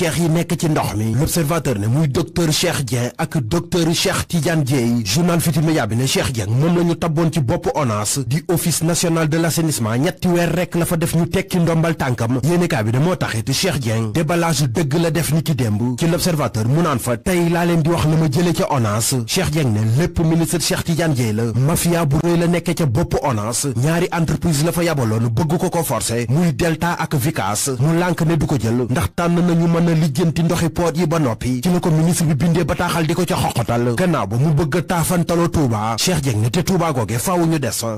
cheikh yi nekk ci ndox mi l'observateur ne muy docteur Cheikh Dieng ak docteur Cheikh Tidiane Dieye journal Futurs Médias bi ne Cheikh Dieng moom la ñu tabboon ci bopp ONAS di office national de l'assainissement ñetti weer rek la fa def ñu tekki ndombal tànkam yéenekaay bi ne moo taxit Cheikh Dieng déballage dëgg la def ni ki démb ci l'observateur mu naan fa tey laa leen di wax la ma jëlee ca ONAS Cheikh Dieng ne lépp ministre Cheikh Tidiane Dieye la mafia bu réy la nekkee ca bopp ONAS ñaari entreprise la fa yabaloon bëgg ko ko forcé muy Delta ak Vicas mu na lijjanti ndoxi poot yi ba noppi ci la ko ministre bi bindee bataaxal di ko a taafantaloo Touba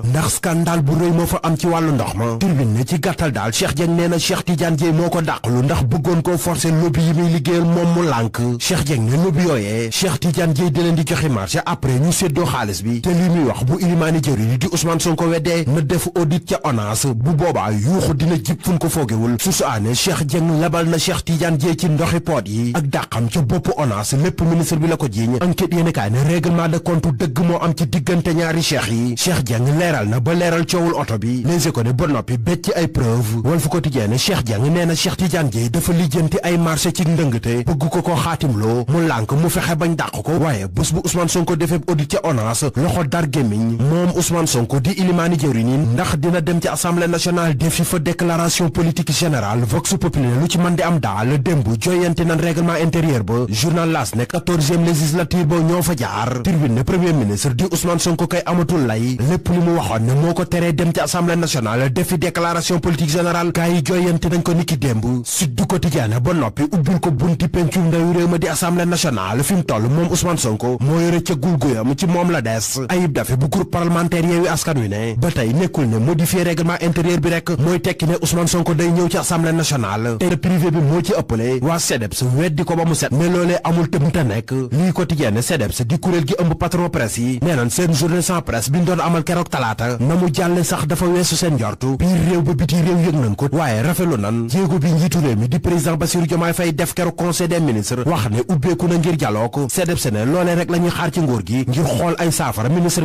ndax scandale bu rëy moo fa am ci wàllu ndox ma turbine ne ci gàttal daal Cheikh Dieng nee na Cheikh Tidiane Dièye moo ko dàqlu ndax bëggoon koo forcé lobby yi muy liggéeyal moom mu lànk Cheikh Dieng ne lobby yooyee Cheikh Tidiane Dièye di leen di joxe marché après ñu séddoo xaalis bi te li muy wax bu ilimaani jëri yi di Ousmane Sonko weddee na def audit ca ONAS bu boobaa yuuxu dina jib fun ko foogewul susu aane Cheikh Dieng labal na Cheikh Tidiane Dièye ci ndoxi poot yi ak dàqam ca bopp ONAS lépp ministre bi la ko jiiñ enquête yéen kaay ne règlement de compte dëgg moo am ci diggante ñaari cheikh yi Cheikh Dieng leeral na ba leeral coowul oto bi Les Échos ne ba noppi bécc ay preuve Walf Quotidien ne Cheikh Dieng nee na Cheikh Tidiane Dièye dafa lijjanti ay marché ci ndëngte bëgg ko ko xaatimloo mu lànk mu fexe bañ dàq ko waaye bés bu Ousmane Sonko defee audit ca ONAS loxo dar gémmiñ moom Ousmane Sonko démb joyante nan règlement intérieur ba journal L'As ne quatorzième législature ba ñoo fa jaar tribune ne premier ministre di Ousmane Sonko kay amatul lay lépp li mu waxoon ne moo ko teree dem ci assemblée nationale defi déclaration politique générale kaa yi joyante nañ ko niki démb Sud du Quotidien ba noppi ubbil ko bunti pencum ndawi réew ma di assemblée nationale fi mu toll moom Ousmane Sonko moo yore ca gulguyam ci moom la des Ayib Daffé bu groupe parlementaire loolee waa CDEPS weddi ko ba mu set ne loolee amul te mënta nekk lii quotidien CDEPS di kuréel gi ëmb patron presse yi nee nañ seen journée sans presse bi ñu doon amal keroog talaata na mu jàlle sax dafa weesu seen njortu biir réew ba biti réew yëg nañ ko waaye rafetlu nan jéego bi njiitu réew mi di président Bassirou Diomaye Faye def keroog conseil des wax ne ubbeeku na ngir dialogue CDEPS ne loolee rek la xaar ci nguur gi ngir xool ay saafara ministre